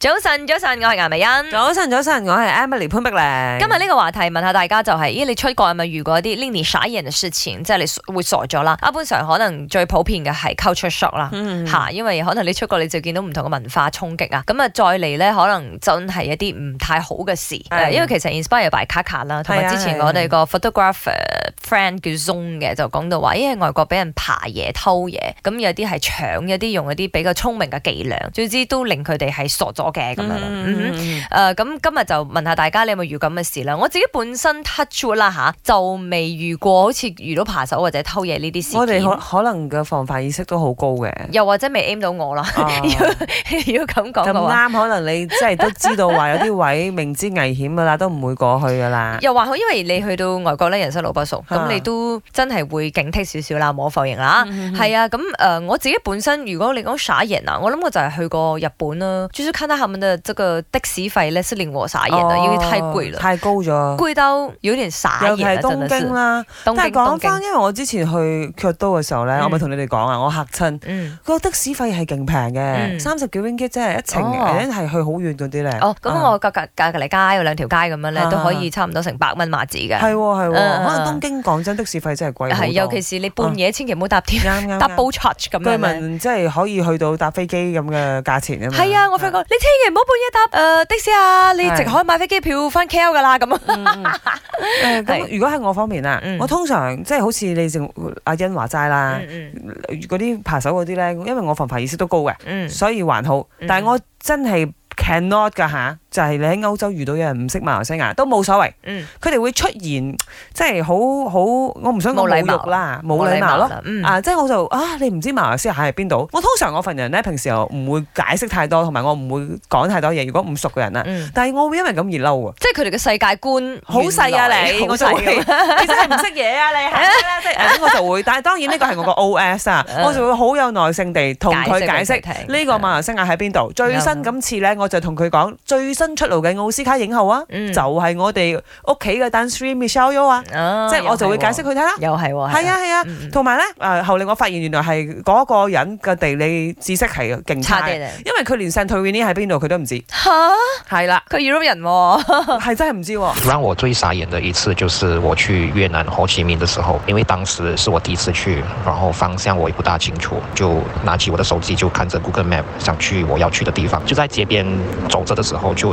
早晨，早晨，我係顏美欣。早晨，早晨，我係 Emily 潘碧玲。今日呢個話題問下大家就係、是，咦你出國係咪遇過啲令人傻眼嘅事情，即、就、係、是、你會傻咗啦？一般上可能最普遍嘅係 culture shock 啦、嗯嗯，吓，因為可能你出國你就見到唔同嘅文化衝擊啊。咁啊再嚟咧，可能真係一啲唔太好嘅事、嗯，因為其實 inspire by 卡卡啦，同埋之前我哋個 photographer friend 叫 zone 嘅就講到話，咦外國俾人爬嘢偷嘢，咁有啲係搶，有啲用一啲比較聰明嘅伎倆，總之都令佢哋係傻咗。嘅，咁咁今日就問下大家，你有冇遇到咁嘅事啦？我自己本身 touch 啦、吓、就未遇過好似遇到扒手或者偷嘢呢啲事。我哋可可能嘅防範意識都好高嘅。又或者未 aim 到我啦、啊， 要要咁講嘅話，啱可能你真係都知道話有啲位明知危險噶啦， 都唔會過去噶啦。又話好，因為你去到外國咧，人生路不熟，咁、啊、你都真係會警惕少少啦，冇否認啦。係、嗯嗯嗯、啊，咁、呃、我自己本身如果你講傻眼嗱，我諗我就係去過日本啦，他們的即個的士費咧是令我傻眼的，因、哦、為太貴了，太高咗，貴到有點傻眼。係東京啦，是京但係講翻，因為我之前去京都嘅時候咧、嗯，我咪同你哋講啊，我吓親，個、嗯、的士費係勁平嘅，三十幾蚊 i n g 即係一程，係、哦哦、去好遠嗰啲咧。哦，咁、哦、我隔格隔隔籬街有兩條街咁樣咧、啊，都可以差唔多成百蚊馬紙嘅。係、啊、係、嗯哦嗯、可能東京講真的士費真係貴好多，尤其是你半夜千祈唔好搭車，搭 bus o u c h 咁樣，即係可以去到搭飛機咁嘅價錢啊嘛。係啊，我發覺呢。唔好半夜搭，誒、呃、的士啊！你直可以買飛機票翻 KL 噶啦。咁咁如果喺我方面啊、嗯，我通常即係、就是、好似你像阿欣話齋啦，嗰啲扒手嗰啲咧，因為我防範意識都高嘅、嗯，所以還好。但係我真係 cannot 噶嚇。就係你喺歐洲遇到有人唔識馬來西亞，都冇所謂。嗯，佢哋會出現即係好好，我唔想講冇禮貌啦，冇禮貌咯。嗯，啊，即係我就啊，你唔知馬來西亞喺邊度？我通常我份人咧，平時又唔會解釋太多，同埋我唔會講太多嘢。如果唔熟嘅人啦，但係我會因為咁而嬲啊！即係佢哋嘅世界觀好細啊，你好細嘅，其實係唔識嘢啊，你係啦，即係咁，我就會。但係當然呢個係我個 OS 啊，我就會好有耐性地同佢解釋呢個馬來西亞喺邊度。最新今次咧，我就同佢講最新。出爐嘅奧斯卡影后啊，嗯、就係、是、我哋屋企嘅 Dance t r e e Michelle Yeoh 啊，啊，即係我就會解釋佢睇啦。又係、哦，係啊係啊，同埋咧，誒、嗯嗯、後嚟我發現原來係嗰個人嘅地理知識係勁差嘅，因為佢連 Saint-Tropez 喺邊度佢都唔知。吓、啊，係啦，佢 Europe 人、哦，係 真係唔知、啊。讓我最傻眼嘅一次，就是我去越南胡志明嘅時候，因為當時是我第一次去，然後方向我亦不大清楚，就拿起我的手機就看着 Google Map 想去我要去嘅地方，就在街邊走着嘅時候就。